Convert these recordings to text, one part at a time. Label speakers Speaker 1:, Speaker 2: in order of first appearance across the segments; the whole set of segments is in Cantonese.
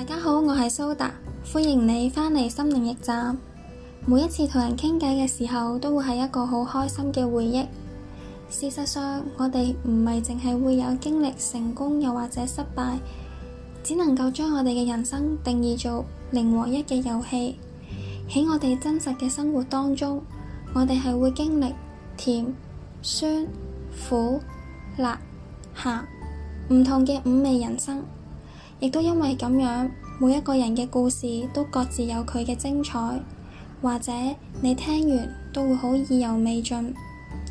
Speaker 1: 大家好，我係蘇達，歡迎你返嚟心靈驛站。每一次同人傾偈嘅時候，都會係一個好開心嘅回憶。事實上，我哋唔係淨係會有經歷成功，又或者失敗，只能夠將我哋嘅人生定義做零和一嘅遊戲。喺我哋真實嘅生活當中，我哋係會經歷甜、酸、苦、辣、鹹唔同嘅五味人生。亦都因為咁樣，每一個人嘅故事都各自有佢嘅精彩，或者你聽完都會好意猶未盡。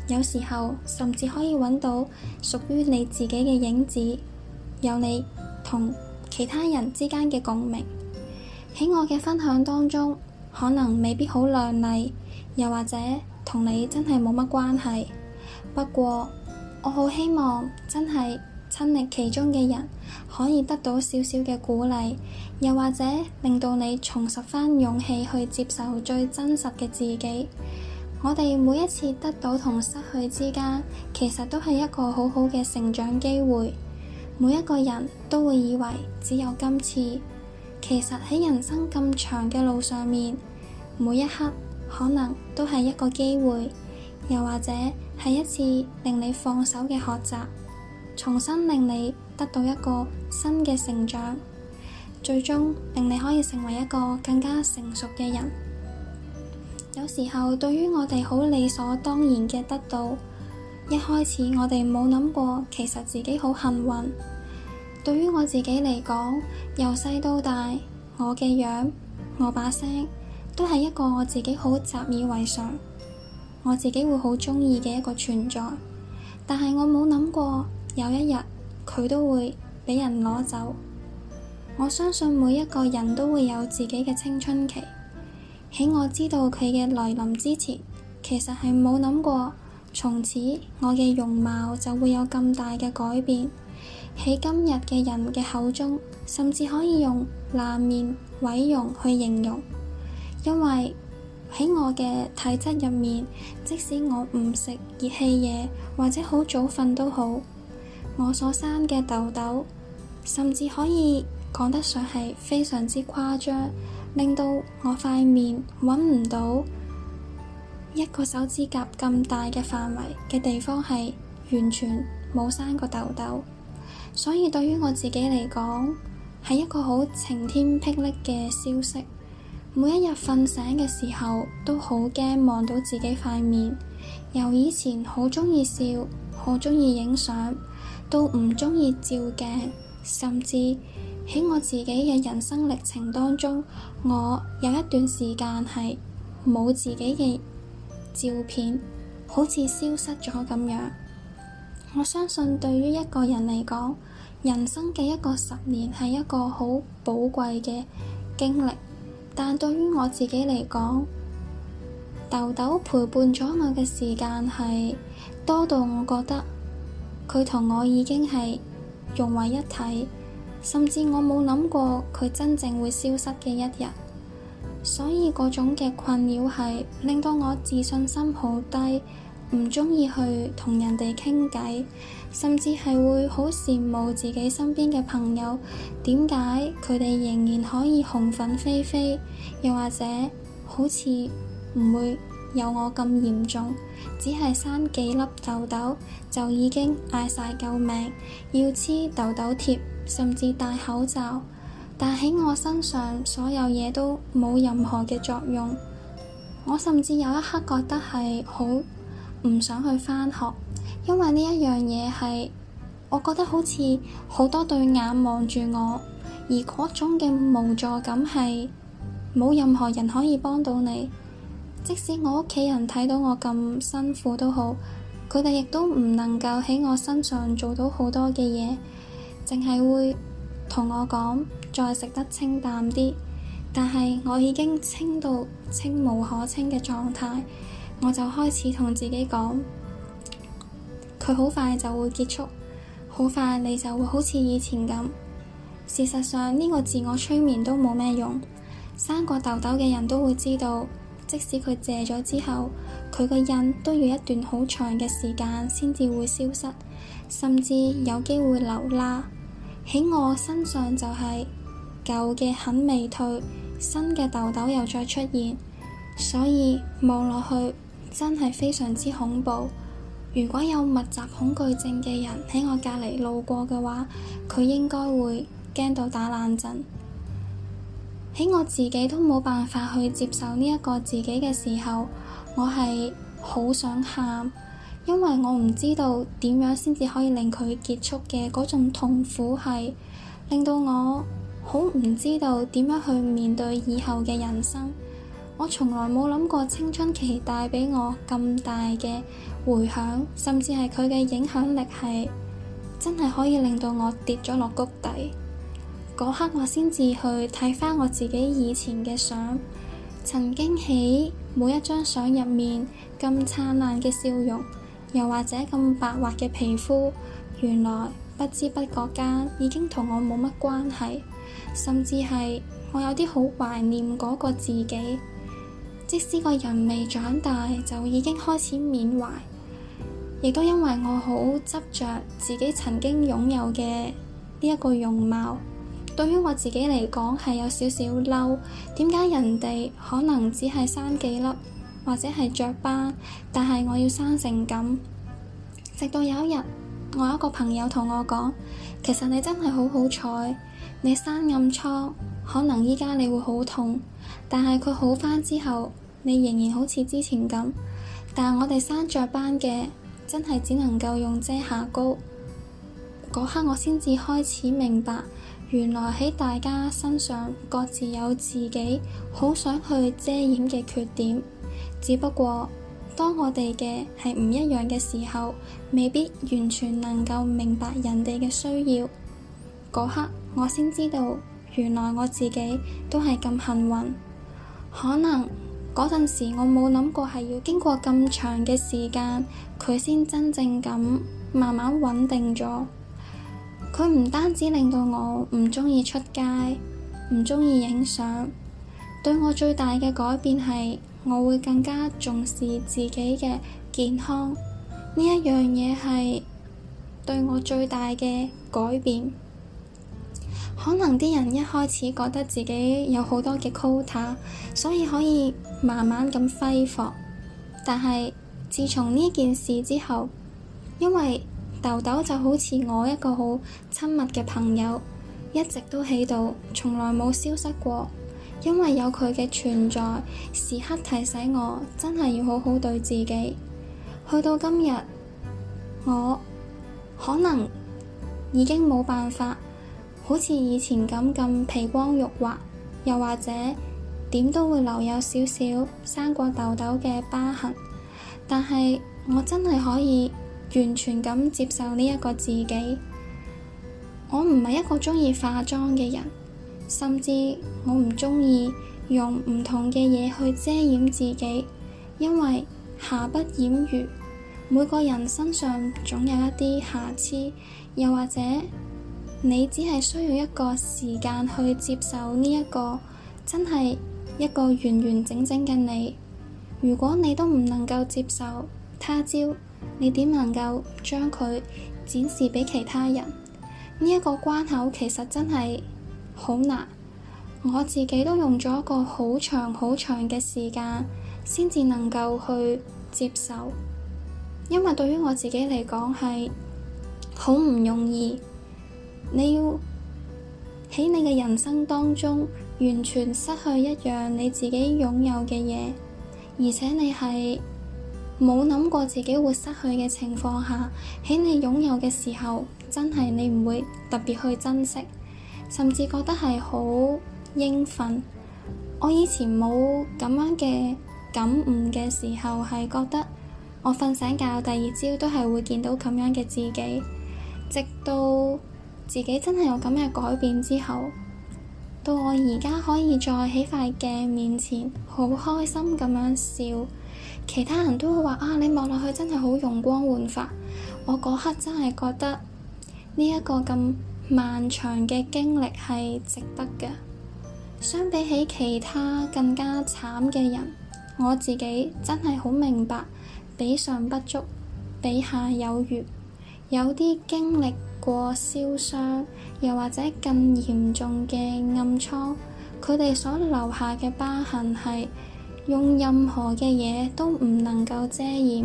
Speaker 1: 有時候甚至可以揾到屬於你自己嘅影子，有你同其他人之間嘅共鳴。喺我嘅分享當中，可能未必好亮麗，又或者同你真係冇乜關係。不過，我好希望真係。親歷其中嘅人可以得到少少嘅鼓勵，又或者令到你重拾返勇氣去接受最真實嘅自己。我哋每一次得到同失去之間，其實都係一個好好嘅成長機會。每一個人都會以為只有今次，其實喺人生咁長嘅路上面，每一刻可能都係一個機會，又或者係一次令你放手嘅學習。重新令你得到一個新嘅成長，最終令你可以成為一個更加成熟嘅人。有時候，對於我哋好理所當然嘅得到，一開始我哋冇諗過，其實自己好幸運。對於我自己嚟講，由細到大，我嘅樣，我把聲，都係一個我自己好習以為常，我自己會好中意嘅一個存在。但係我冇諗過。有一日佢都會畀人攞走。我相信每一個人都會有自己嘅青春期。喺我知道佢嘅來臨之前，其實係冇諗過從此我嘅容貌就會有咁大嘅改變。喺今日嘅人嘅口中，甚至可以用爛面毀容去形容，因為喺我嘅體質入面，即使我唔食熱氣嘢，或者好早瞓，都好。我所生嘅痘痘，甚至可以講得上係非常之誇張，令到我塊面揾唔到一個手指甲咁大嘅範圍嘅地方係完全冇生過痘痘。所以對於我自己嚟講，係一個好晴天霹靂嘅消息。每一日瞓醒嘅時候都好驚望到自己塊面，由以前好中意笑，好中意影相。都唔鍾意照鏡，甚至喺我自己嘅人生歷程當中，我有一段時間係冇自己嘅照片，好似消失咗咁樣。我相信對於一個人嚟講，人生嘅一個十年係一個好寶貴嘅經歷，但對於我自己嚟講，豆豆陪伴咗我嘅時間係多到我覺得。佢同我已經係融為一體，甚至我冇諗過佢真正會消失嘅一日，所以嗰種嘅困擾係令到我自信心好低，唔中意去同人哋傾偈，甚至係會好羨慕自己身邊嘅朋友，點解佢哋仍然可以紅粉飛飛，又或者好似唔會。有我咁嚴重，只係生幾粒痘痘就已經嗌晒救命，要黐痘痘貼，甚至戴口罩。但喺我身上，所有嘢都冇任何嘅作用。我甚至有一刻覺得係好唔想去返學，因為呢一樣嘢係我覺得好似好多對眼望住我，而嗰種嘅無助感係冇任何人可以幫到你。即使我屋企人睇到我咁辛苦都好，佢哋亦都唔能夠喺我身上做到好多嘅嘢，淨係會同我講再食得清淡啲。但係我已經清到清無可清嘅狀態，我就開始同自己講，佢好快就會結束，好快你就會好似以前咁。事實上呢個自我催眠都冇咩用，生過痘痘嘅人都會知道。即使佢借咗之後，佢個印都要一段好長嘅時間先至會消失，甚至有機會留疤。喺我身上就係、是、舊嘅痕未退，新嘅痘痘又再出現，所以望落去真係非常之恐怖。如果有密集恐懼症嘅人喺我隔離路過嘅話，佢應該會驚到打冷震。喺我自己都冇辦法去接受呢一個自己嘅時候，我係好想喊，因為我唔知道點樣先至可以令佢結束嘅嗰種痛苦係令到我好唔知道點樣去面對以後嘅人生。我從來冇諗過青春期帶畀我咁大嘅迴響，甚至係佢嘅影響力係真係可以令到我跌咗落谷底。嗰刻我先至去睇翻我自己以前嘅相，曾經喺每一張相入面咁燦爛嘅笑容，又或者咁白滑嘅皮膚，原來不知不覺間已經同我冇乜關係，甚至係我有啲好懷念嗰個自己，即使個人未長大就已經開始緬懷，亦都因為我好執着自己曾經擁有嘅呢一個容貌。對於我自己嚟講，係有少少嬲，點解人哋可能只係生幾粒，或者係雀斑，但係我要生成咁。直到有一日，我有一個朋友同我講，其實你真係好好彩，你生暗瘡，可能依家你會好痛，但係佢好返之後，你仍然好似之前咁。但係我哋生雀斑嘅，真係只能夠用遮瑕膏。嗰刻我先至開始明白。原來喺大家身上各自有自己好想去遮掩嘅缺點，只不過當我哋嘅係唔一樣嘅時候，未必完全能夠明白人哋嘅需要。嗰刻我先知道，原來我自己都係咁幸運。可能嗰陣時我冇諗過係要經過咁長嘅時間，佢先真正咁慢慢穩定咗。佢唔單止令到我唔鍾意出街，唔鍾意影相，對我最大嘅改變係我會更加重視自己嘅健康，呢一樣嘢係對我最大嘅改變。可能啲人一開始覺得自己有好多嘅 quota，所以可以慢慢咁揮霍，但係自從呢件事之後，因為痘痘就好似我一個好親密嘅朋友，一直都喺度，從來冇消失過。因為有佢嘅存在，時刻提醒我真係要好好對自己。去到今日，我可能已經冇辦法好似以前咁咁皮光肉滑，又或者點都會留有少少生過痘痘嘅疤痕。但係我真係可以。完全咁接受呢一個自己，我唔係一個鍾意化妝嘅人，甚至我唔鍾意用唔同嘅嘢去遮掩自己，因為瑕不掩瑜。每個人身上總有一啲瑕疵，又或者你只係需要一個時間去接受呢一個真係一個完完整整嘅你。如果你都唔能夠接受，他朝。你點能夠將佢展示畀其他人？呢一個關口其實真係好難，我自己都用咗一個好長好長嘅時間先至能夠去接受，因為對於我自己嚟講係好唔容易。你要喺你嘅人生當中完全失去一樣你自己擁有嘅嘢，而且你係。冇諗過自己會失去嘅情況下，喺你擁有嘅時候，真係你唔會特別去珍惜，甚至覺得係好應份。我以前冇咁樣嘅感悟嘅時候，係覺得我瞓醒覺第二朝都係會見到咁樣嘅自己。直到自己真係有咁樣嘅改變之後，到我而家可以再喺塊鏡面前好開心咁樣笑。其他人都會話啊，你望落去真係好容光煥發。我嗰刻真係覺得呢一個咁漫長嘅經歷係值得嘅。相比起其他更加慘嘅人，我自己真係好明白，比上不足，比下有餘。有啲經歷過燒傷，又或者更嚴重嘅暗瘡，佢哋所留下嘅疤痕係，用任何嘅嘢都唔能夠遮掩，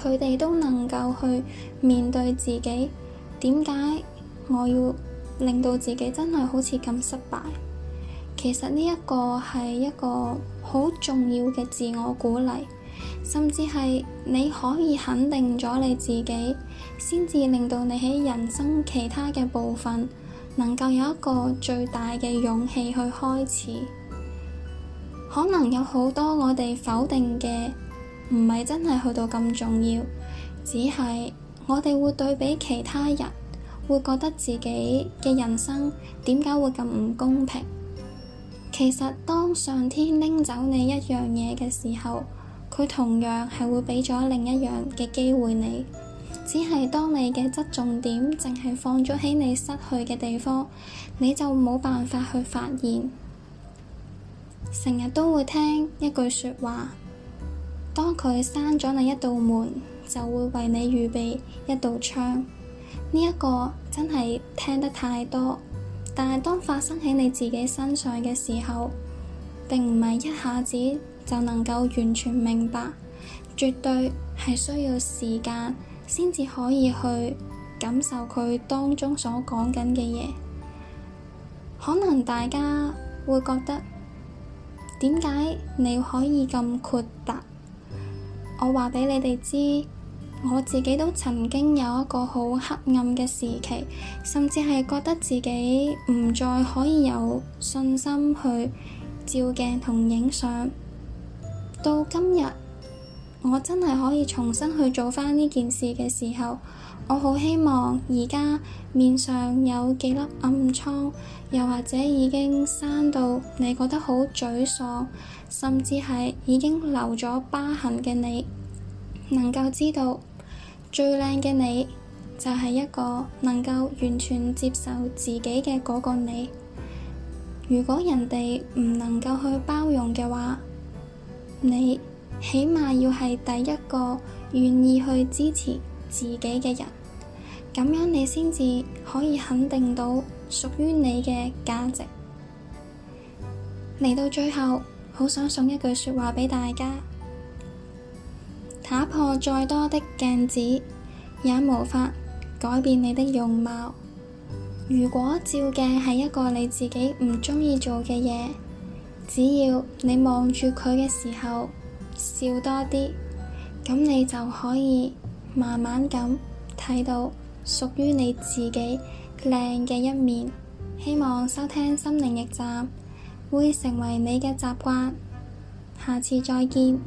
Speaker 1: 佢哋都能夠去面對自己。點解我要令到自己真係好似咁失敗？其實呢一個係一個好重要嘅自我鼓勵，甚至係你可以肯定咗你自己，先至令到你喺人生其他嘅部分能夠有一個最大嘅勇氣去開始。可能有好多我哋否定嘅，唔係真係去到咁重要，只係我哋會對比其他人，會覺得自己嘅人生點解會咁唔公平。其實當上天拎走你一樣嘢嘅時候，佢同樣係會俾咗另一樣嘅機會你。只係當你嘅側重點淨係放咗喺你失去嘅地方，你就冇辦法去發現。成日都會聽一句說話，當佢閂咗你一道門，就會為你預備一道窗。呢一個真係聽得太多，但係當發生喺你自己身上嘅時候，並唔係一下子就能夠完全明白，絕對係需要時間先至可以去感受佢當中所講緊嘅嘢。可能大家會覺得。點解你可以咁豁達？我話畀你哋知，我自己都曾經有一個好黑暗嘅時期，甚至係覺得自己唔再可以有信心去照鏡同影相。到今日，我真係可以重新去做返呢件事嘅時候。我好希望而家面上有幾粒暗瘡，又或者已經生到你覺得好沮喪，甚至係已經留咗疤痕嘅你，能夠知道最靚嘅你就係一個能夠完全接受自己嘅嗰個你。如果人哋唔能夠去包容嘅話，你起碼要係第一個願意去支持自己嘅人，咁樣你先至可以肯定到屬於你嘅價值。嚟到最後，好想送一句說話畀大家：打破再多的鏡子，也無法改變你的容貌。如果照鏡係一個你自己唔中意做嘅嘢，只要你望住佢嘅時候笑多啲，咁你就可以。慢慢咁睇到屬於你自己靚嘅一面，希望收聽《心靈驛站》會成為你嘅習慣。下次再見。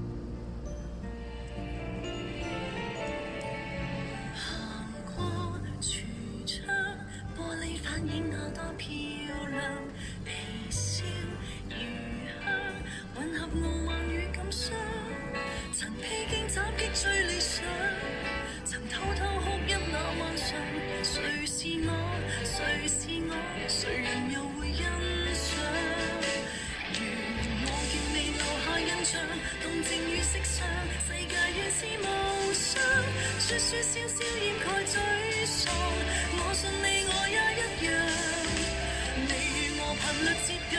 Speaker 2: 世界越是無雙，說說笑笑掩蓋沮喪，我信你，我也一樣，你與我頻率接近。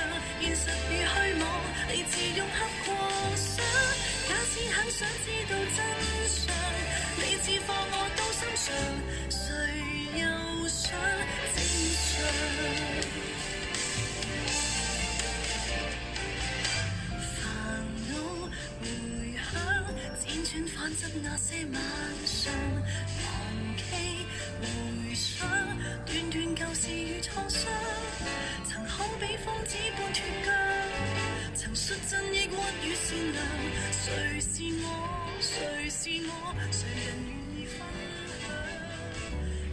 Speaker 2: 那些晚上，忘記回想，段段舊事與創傷，曾好比方子般脫韁，曾述盡抑鬱與善良。誰是我？誰是我？誰人願意分享？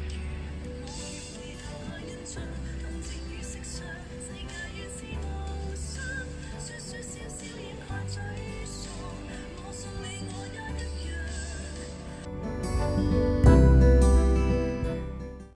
Speaker 2: 如我越回頭看印象，動靜與色相，世界越是無雙。説説笑笑掩蓋嘴。